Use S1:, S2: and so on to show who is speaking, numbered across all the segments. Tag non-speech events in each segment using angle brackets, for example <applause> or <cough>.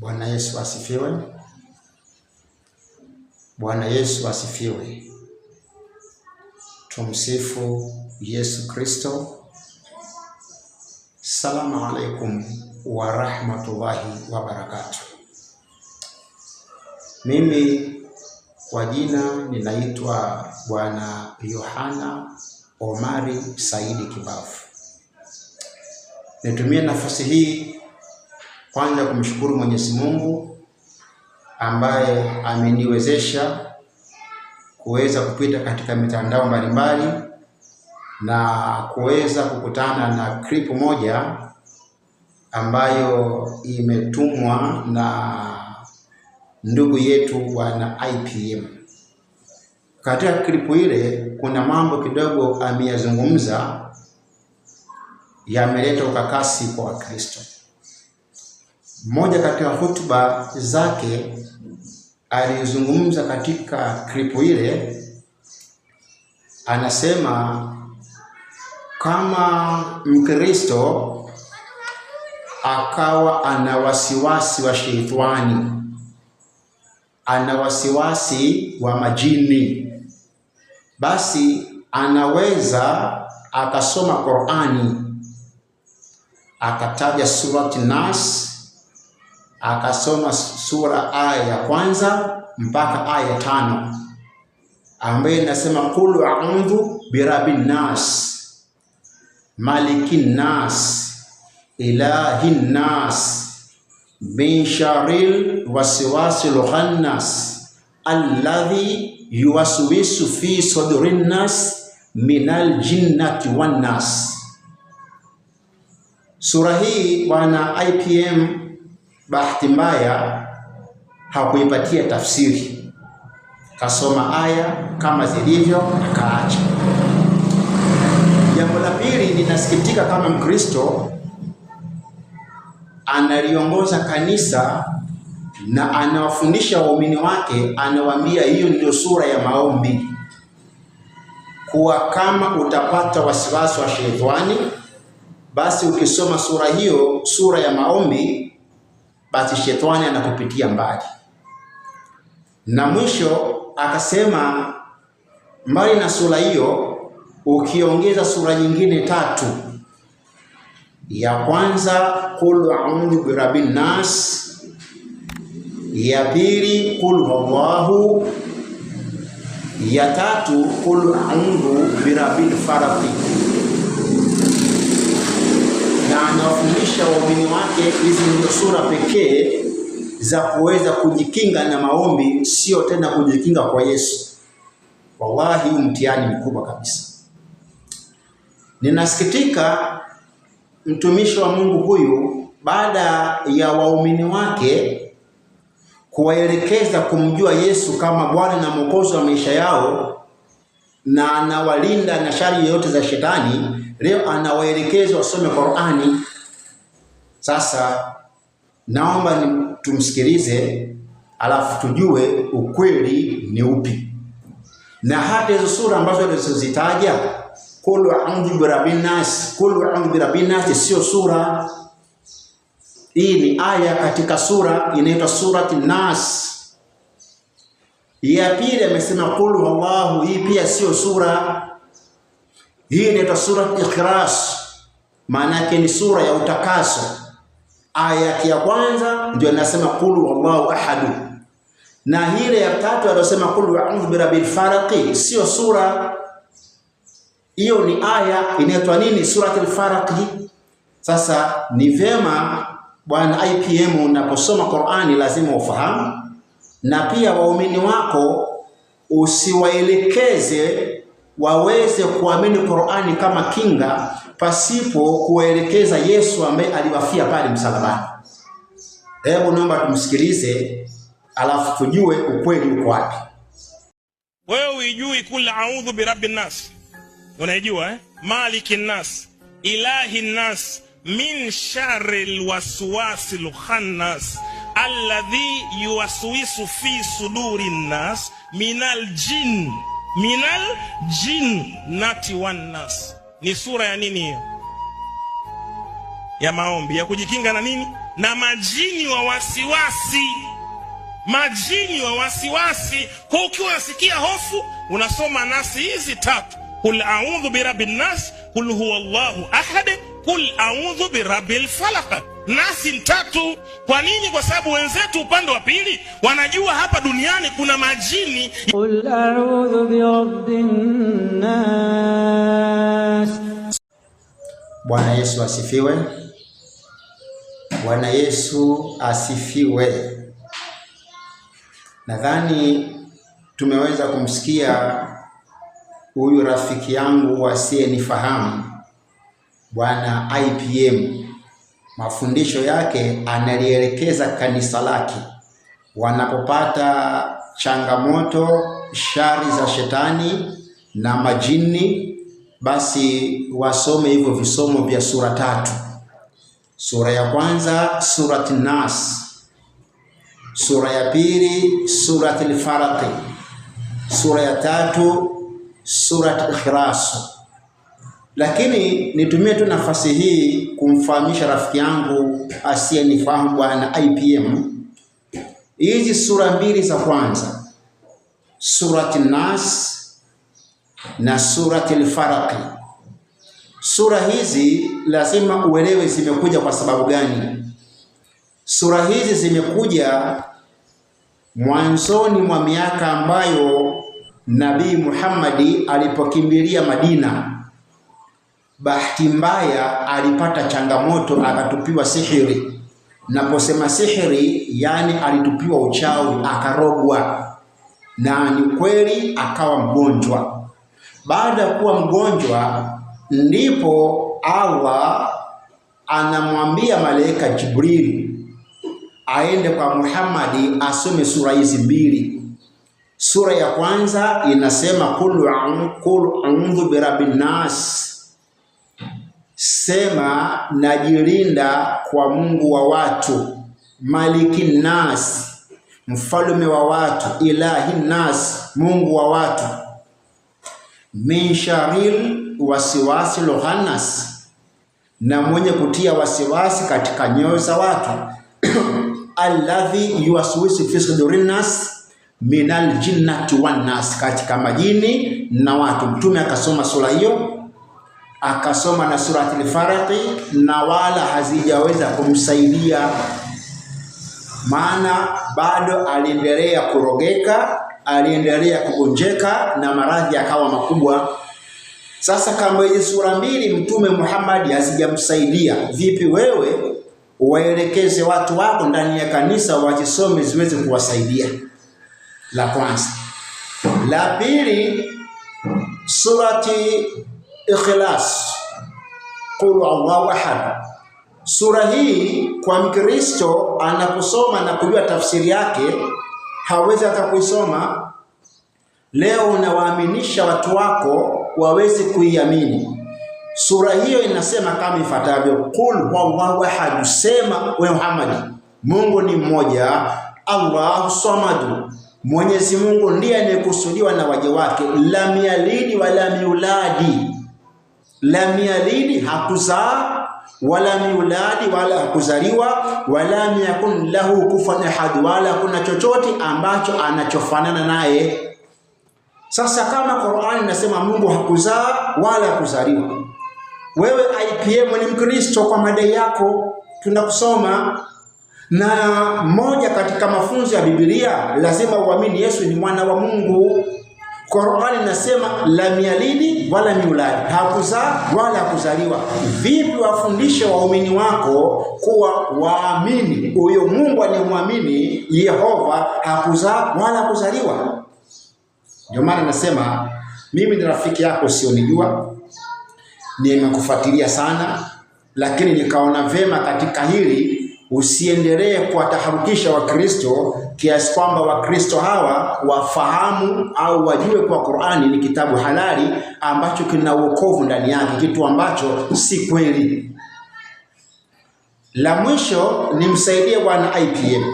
S1: Bwana Yesu asifiwe. Bwana Yesu asifiwe. Tumsifu Yesu Kristo. Salamu alaikum warahmatullahi barakatuh. Mimi kwa jina ninaitwa Bwana Yohana Omari Saidi Kibavu. Nitumie nafasi hii kwanza kumshukuru Mwenyezi Mungu ambaye ameniwezesha kuweza kupita katika mitandao mbalimbali na kuweza kukutana na clip moja ambayo imetumwa na ndugu yetu wana IPM. Katika clip ile kuna mambo kidogo ameyazungumza yameleta ukakasi kwa Wakristo. Mmoja kati ya hotuba zake alizungumza katika klipu ile, anasema kama Mkristo akawa ana wasiwasi wa sheitani, ana wasiwasi wa majini, basi anaweza akasoma Qur'ani, akataja surati Nas akasoma sura aya ya kwanza mpaka aya ya tano ambayo inasema qul a'udhu birabbin nas malikin nas ilahin nas min sharil waswasil khannas alladhi yuwaswisu fi sudurin nas minal jinnati wan nas. Sura hii bwana IPM bahati mbaya hakuipatia tafsiri, kasoma aya kama zilivyo akaacha. Jambo la pili, ninasikitika kama Mkristo analiongoza kanisa na anawafundisha waumini wake, anawaambia hiyo ndio sura ya maombi, kuwa kama utapata wasiwasi wa shetani, basi ukisoma sura hiyo, sura ya maombi basi shetani anakupitia mbali. Na mwisho akasema, mbali na sura hiyo, ukiongeza sura nyingine tatu, ya kwanza kul a'udhu birabbin nas, ya pili kul huwallahu, ya tatu kul a'udhu birabbil falaq anawafundisha waumini wake hizi ndio sura pekee za kuweza kujikinga na maombi, sio tena kujikinga kwa Yesu. Wallahi, huu mtihani mkubwa kabisa. Ninasikitika mtumishi wa Mungu huyu, baada ya waumini wake kuwaelekeza kumjua Yesu kama Bwana na Mwokozi wa maisha yao na anawalinda na shari yoyote za Shetani, leo anawaelekeza wasome Qur'ani sasa naomba tumsikilize, alafu tujue ukweli ni upi, na hata hizo sura ambazo alizozitaja kulu audhu birabinas kulu audhu birabinas sio sura hii ni aya katika sura inaitwa surati Nas. Ya pili amesema kulu wallahu, hii pia sio sura, hii inaitwa sura Ikhlas, maana yake ni sura ya utakaso. Aya ya kwanza ndio inasema qulu wallahu ahadu, na ile ya tatu aliyosema qul a'udhu birabbil falaq sio sura hiyo, ni aya inaitwa nini? Suratul Falaq. Sasa ni vyema bwana IPM, unaposoma Qur'ani lazima ufahamu, na pia waumini wako usiwaelekeze waweze kuamini Qur'ani kama kinga pasipo kuelekeza Yesu ambaye aliwafia pale msalabani. Hebu naomba tumsikilize, alafu tujue ukweli uko wapi.
S2: Wewe uijui kul a'udhu rabbin nas, unaijua eh? Maliki nas, ilahi nas, min sharri lwaswasi lkhannas alladhi yuwaswisu fi suduri nas minal jinn minal nati wannas. Ni sura ya nini hiyo? Ya maombi ya kujikinga na nini? Na majini wa wasiwasi, majini wa wasiwasi. Kwa ukiwa unasikia hofu, unasoma nasi hizi tatu, kul audhu birabbin nas, kul huwa llahu ahad kul audhu birabil falaq nasi tatu. Kwa nini? Kwa sababu wenzetu upande wa pili wanajua hapa duniani kuna majini. Kul audhu birabbin nas.
S1: Bwana Yesu asifiwe. Bwana Yesu asifiwe. Nadhani tumeweza kumsikia huyu rafiki yangu asiyenifahamu Bwana IPM mafundisho yake analielekeza kanisa lake wanapopata changamoto, shari za shetani na majini, basi wasome hivyo visomo vya sura tatu, sura ya kwanza surati Nas, sura ya pili surati Al-Falaq, sura ya tatu surati Ikhlas. Lakini nitumie tu nafasi hii kumfahamisha rafiki yangu asiyenifahamu bwana IPM, hizi sura mbili za kwanza, surati Nas na surati Al-Falaq. Sura hizi lazima uelewe zimekuja kwa sababu gani. Sura hizi zimekuja mwanzoni mwa miaka ambayo Nabii Muhammad alipokimbilia Madina bahati mbaya alipata changamoto akatupiwa sihiri. Naposema sihiri, yani alitupiwa uchawi akarogwa, na ni kweli akawa mgonjwa. Baada ya kuwa mgonjwa, ndipo Allah anamwambia malaika Jibril aende kwa Muhammadi asome sura hizi mbili. Sura ya kwanza inasema kul a'udhu birabbin nas Sema, najilinda kwa Mungu wa watu, maliki nas, mfalume wa watu, ilahi nas, Mungu wa watu, min sharil wasiwasi lohanas, na mwenye kutia wasiwasi katika nyoyo za watu <clears throat> alladhi yuwaswisu fi sudurin nas minal jinnati wan nas, katika majini na watu. Mtume akasoma sura hiyo akasoma na surati al na wala hazijaweza kumsaidia, maana bado aliendelea kurogeka, aliendelea kugonjeka na maradhi akawa makubwa. Sasa kama hizi sura mbili Mtume Muhammad hazijamsaidia, vipi wewe waelekeze watu wako ndani ya kanisa wazisome ziweze kuwasaidia? La kwanza. La pili surati Ikhlas, qul Allahu ahad. Sura hii kwa Mkristo anaposoma na kujua tafsiri yake hawezi atakuisoma Leo unawaaminisha watu wako wawezi kuiamini. Sura hiyo inasema kama ifuatavyo: qul huwallahu ahad, sema we Muhammad, Mungu ni mmoja. Allahu samadu, Mwenyezi Mungu ndiye anayekusudiwa na waja wake. Lam yalidi wala miuladi lam yalidi hakuzaa wala miuladi wala hakuzaliwa, wala yakun lahu kufuwan ahad, wala kuna chochote ambacho anachofanana naye. Sasa kama Qur'ani inasema Mungu hakuzaa wala hakuzaliwa, wewe IPM ni Mkristo kwa madai yako, tunakusoma na moja katika mafunzo ya Biblia lazima uamini Yesu ni mwana wa Mungu. Qur'ani inasema lam yalidi wala yulad, hakuzaa wala hakuzaliwa. Vipi wafundishe waumini wako kuwa waamini huyo Mungu anayemwamini Yehova hakuzaa wala hakuzaliwa? Ndio maana nasema mimi ni rafiki yako, usionijua, nimekufuatilia sana, lakini nikaona vema katika hili usiendelee kuwataharukisha Wakristo kiasi kwamba Wakristo hawa wafahamu au wajue kuwa Qur'ani ni kitabu halali ambacho kina wokovu ndani yake, kitu ambacho si kweli. La mwisho ni msaidie bwana IPM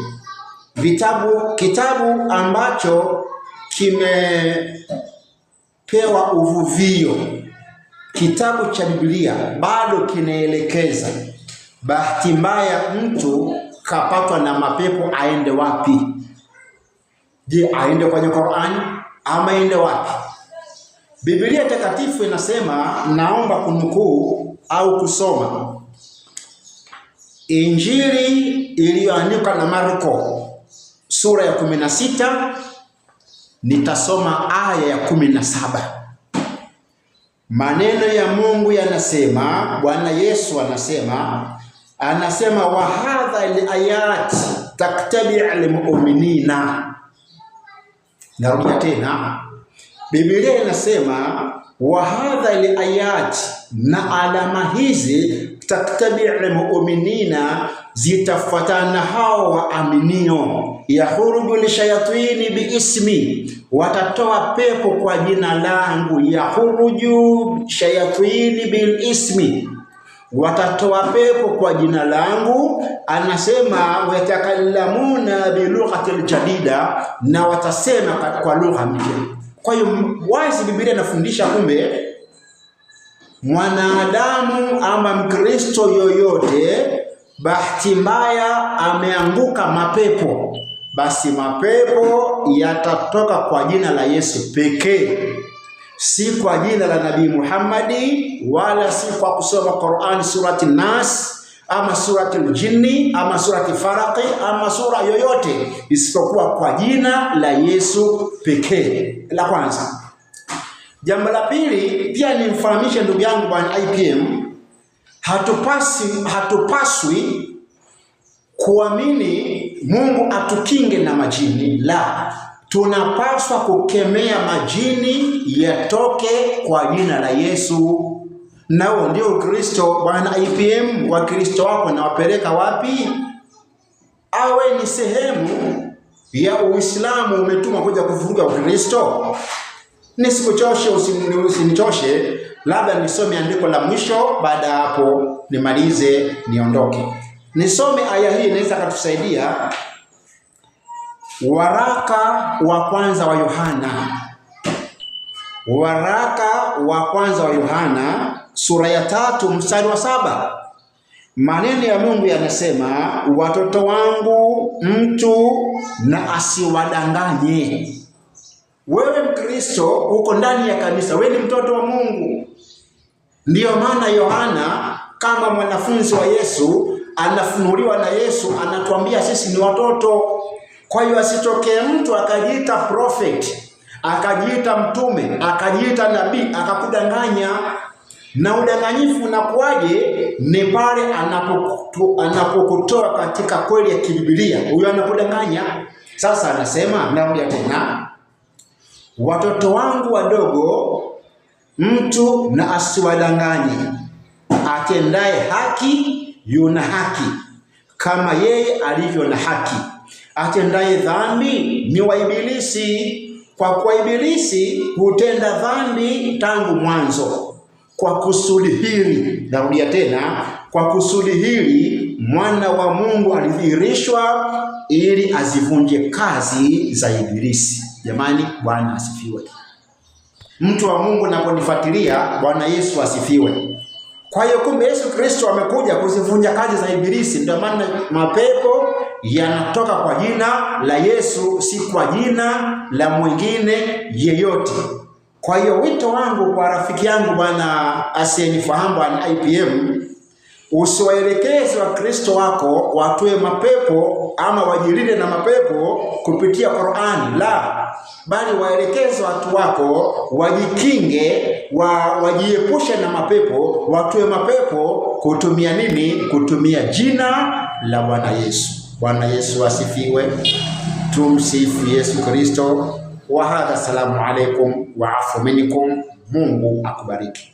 S1: vitabu, kitabu ambacho kimepewa uvuvio, kitabu cha Biblia bado kinaelekeza. Bahati mbaya mtu kapatwa na mapepo aende wapi? Je, aende kwenye Qur'an ama aende wapi? Biblia takatifu inasema, naomba kunukuu au kusoma Injili iliyoandikwa na Marko sura ya 16 nitasoma aya ya 17. Maneno ya Mungu yanasema, Bwana Yesu anasema anasema wa hadha alayat taktabi almuminina. Narudia tena, Biblia inasema wa hadha alayat, na alama hizi taktabi almuminina, zitafuatana hao waaminio yahuruju lishayatini biismi, watatoa pepo kwa jina langu. Yahuruju shayatini bilismi watatoa pepo kwa jina langu, anasema wayatakallamuna bilughatil jadida, na watasema kwa lugha mpya. Kwa hiyo wazi Biblia inafundisha kumbe mwanadamu ama Mkristo yoyote bahati mbaya ameanguka mapepo, basi mapepo yatatoka kwa jina la Yesu pekee si kwa jina la Nabii Muhammadi wala si kwa kusoma Qur'an surati Nas ama surati Ljinni ama surati Faraqi ama sura yoyote isipokuwa kwa jina la Yesu pekee. La kwanza. Jambo la pili, pia nimfahamishe ndugu yangu bwana IPM, hatupasi hatupaswi kuamini Mungu atukinge na majini la tunapaswa kukemea majini yatoke kwa jina la Yesu. Nao ndio Ukristo. Bwana IPM, kristo wako nawapeleka wapi? Awe ni sehemu ya Uislamu. Umetumwa kuja kuvuruga Ukristo? Nisikuchoshe, usinichoshe, labda nisome andiko la mwisho, baada ya hapo nimalize niondoke. Nisome aya hii, inaweza katusaidia Waraka wa kwanza wa Yohana. Waraka wa kwanza wa Yohana sura ya tatu mstari wa saba. Maneno ya Mungu yanasema, watoto wangu, mtu na asiwadanganye. Wewe Mkristo uko ndani ya kanisa, wewe ni mtoto wa Mungu. Ndiyo maana Yohana kama mwanafunzi wa Yesu anafunuliwa na Yesu, anatuambia sisi ni watoto kwa hiyo asitokee mtu akajiita prophet, akajiita mtume, akajiita nabii, akakudanganya. Na udanganyifu unakuwaje? Ni pale anapokutoa katika kweli ya kibibilia, huyo anakudanganya. Sasa anasema, narudia tena, watoto wangu wadogo, mtu na asiwadanganye, atendaye haki yuna haki kama yeye alivyo na haki Atendaye dhambi ni wa Ibilisi, kwa kuwa Ibilisi hutenda dhambi tangu mwanzo. Kwa kusudi hili, narudia tena, kwa kusudi hili mwana wa Mungu alidhihirishwa ili azivunje kazi za Ibilisi. Jamani, Bwana asifiwe. Mtu wa Mungu naponifuatilia, Bwana Yesu asifiwe. Kwa hiyo kumbe Yesu Kristo amekuja kuzivunja kazi za Ibilisi, ndio maana mapepo yanatoka kwa jina la Yesu, si kwa jina la mwingine yeyote. Kwa hiyo wito wangu kwa rafiki yangu bwana asiyenifahamu bwana IPM, usiwaelekeze Wakristo wako watoe mapepo ama wajilinde na mapepo kupitia Qur'ani, la bali waelekeze watu wako wajikinge, wa wajiepushe na mapepo, watoe mapepo kutumia nini? Kutumia jina la Bwana Yesu. Bwana Yesu asifiwe. Tumsifu Yesu Kristo. Wa hadha, salamu alaikum wa afu minkum. Mungu akubariki.